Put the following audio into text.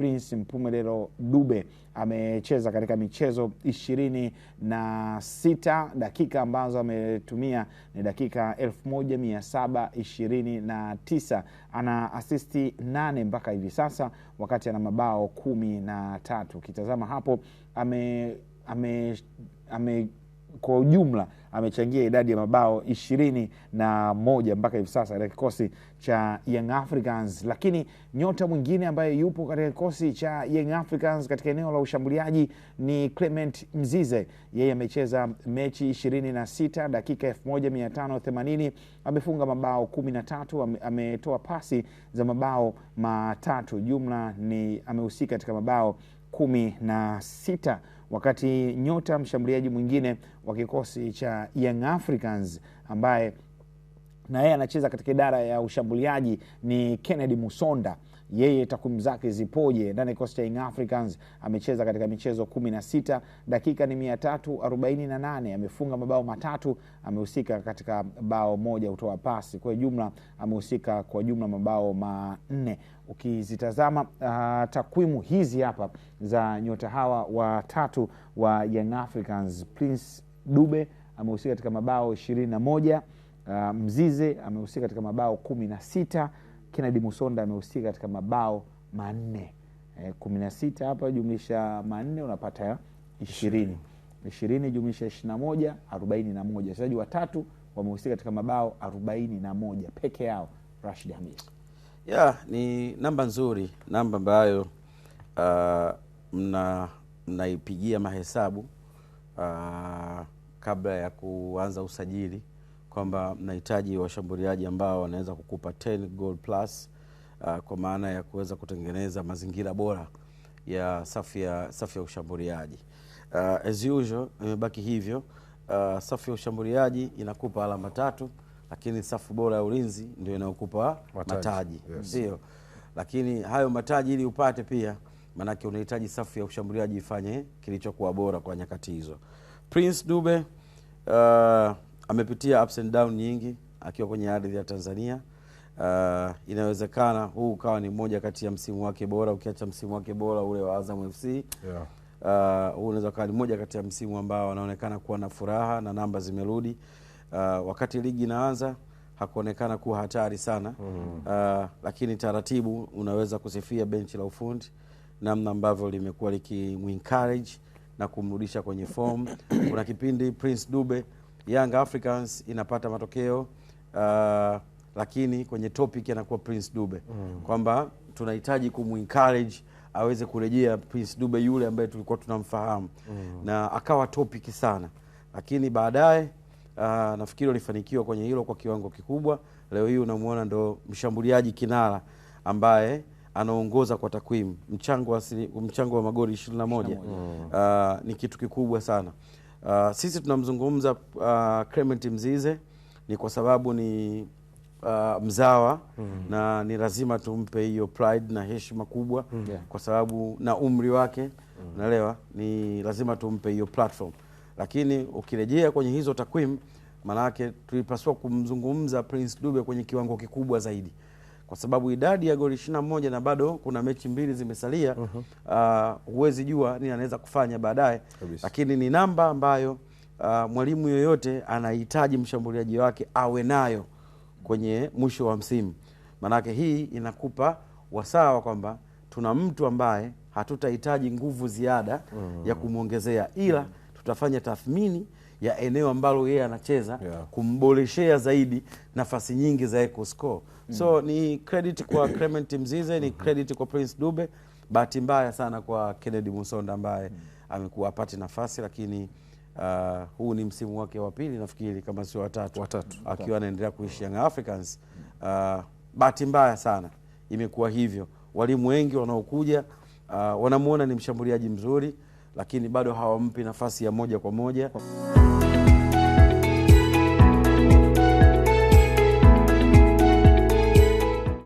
Prince Mpumelelo Dube amecheza katika michezo ishirini na sita. Dakika ambazo ametumia ni dakika elfu moja mia saba ishirini na tisa. Ana asisti nane mpaka hivi sasa, wakati ana mabao kumi na tatu. Ukitazama hapo ame, ame, ame kwa ujumla amechangia idadi ya mabao ishirini na moja mpaka hivi sasa katika kikosi cha Young Africans. Lakini nyota mwingine ambaye yupo katika kikosi cha Young Africans katika eneo la ushambuliaji ni Clement Mzize. Yeye amecheza mechi ishirini na sita dakika elfu moja mia tano themanini amefunga mabao kumi na tatu ametoa pasi za mabao matatu, jumla ni amehusika katika mabao kumi na sita wakati nyota mshambuliaji mwingine wa kikosi cha Young Africans ambaye na yeye anacheza katika idara ya ushambuliaji ni Kennedy Musonda yeye takwimu zake zipoje ndani ya kikosi cha Africans? Amecheza katika michezo kumi na sita, dakika ni mia tatu arobaini na nane, amefunga mabao matatu, amehusika katika bao moja kutoa pasi. Kwa jumla amehusika kwa jumla mabao manne. Ukizitazama uh, takwimu hizi hapa za nyota hawa watatu wa Young Africans, Prince Dube amehusika katika mabao ishirini na moja. Uh, Mzize amehusika katika mabao kumi na sita Kennedy Musonda amehusika katika mabao manne e, kumi na sita hapa jumlisha manne unapata ishirini ishirini jumlisha ishiri na moja arobaini na moja wachezaji watatu wamehusika katika mabao arobaini na moja peke yao. Rashid Hamis yeah, ni namba nzuri, namba ambayo uh, mna mnaipigia mahesabu uh, kabla ya kuanza usajili kwamba mnahitaji washambuliaji ambao wanaweza kukupa 10 goal plus uh, kwa maana ya kuweza kutengeneza mazingira bora ya safu ya safu ya ushambuliaji uh, as usual imebaki hivyo uh, safu ya ushambuliaji inakupa alama tatu, lakini safu bora ya ulinzi ndio inayokupa mataji, mataji. Yes. lakini hayo mataji ili upate pia, maanake unahitaji safu ya ushambuliaji ifanye kilichokuwa bora kwa nyakati hizo. Prince Dube uh, amepitia ups and down nyingi akiwa kwenye ardhi ya Tanzania. Uh, inawezekana huu ukawa ni mmoja kati ya msimu wake bora, ukiacha msimu wake bora ule wa Azam FC yeah. Uh, huu unaweza ukawa ni mmoja kati ya msimu ambao anaonekana kuwa na furaha na namba zimerudi. Uh, wakati ligi inaanza hakuonekana kuwa hatari sana mm. Uh, lakini taratibu unaweza kusifia benchi la ufundi namna ambavyo limekuwa likimwencourage na kumrudisha kwenye form. Kuna kipindi Prince Dube Young Africans inapata matokeo uh, lakini kwenye topic anakuwa Prince Dube mm. kwamba tunahitaji kumencourage aweze kurejea Prince Dube yule ambaye tulikuwa tunamfahamu mm. na akawa topic sana, lakini baadaye uh, nafikiri walifanikiwa kwenye hilo kwa kiwango kikubwa. Leo hii unamwona ndo mshambuliaji kinara ambaye anaongoza kwa takwimu, mchango wa, mchango wa magoli ishirini na moja mm. uh, ni kitu kikubwa sana. Uh, sisi tunamzungumza uh, Clement Mzize ni kwa sababu ni uh, mzawa mm -hmm. na ni lazima tumpe hiyo pride na heshima kubwa mm -hmm. kwa sababu na umri wake mm -hmm. naelewa, ni lazima tumpe hiyo platform, lakini ukirejea kwenye hizo takwimu, maanake tulipaswa kumzungumza Prince Dube kwenye kiwango kikubwa zaidi kwa sababu idadi ya goli ishirini na moja na bado kuna mechi mbili zimesalia. Mhm. Uh, huwezi uh -huh. uh, jua nini anaweza kufanya baadaye, lakini ni namba ambayo uh, mwalimu yoyote anahitaji mshambuliaji wake awe nayo kwenye mwisho wa msimu, maanake hii inakupa wasawa kwamba tuna mtu ambaye hatutahitaji nguvu ziada uh mhm. -huh. ya kumwongezea ila mhm. tutafanya tathmini ya eneo ambalo yeye anacheza yeah. kumboreshea zaidi nafasi nyingi za eco mm. so ni credit kwa Clement Mzize, ni credit kwa Prince Dube. Bahati mbaya sana kwa Kennedy Musonda ambaye mm. amekuwa apati nafasi lakini Uh, huu ni msimu wake wa pili nafikiri kama sio watatu, watatu akiwa anaendelea kuishi Young Africans. Uh, bahati mbaya sana imekuwa hivyo, walimu wengi wanaokuja uh, wanamwona ni mshambuliaji mzuri lakini bado hawampi nafasi ya moja kwa moja.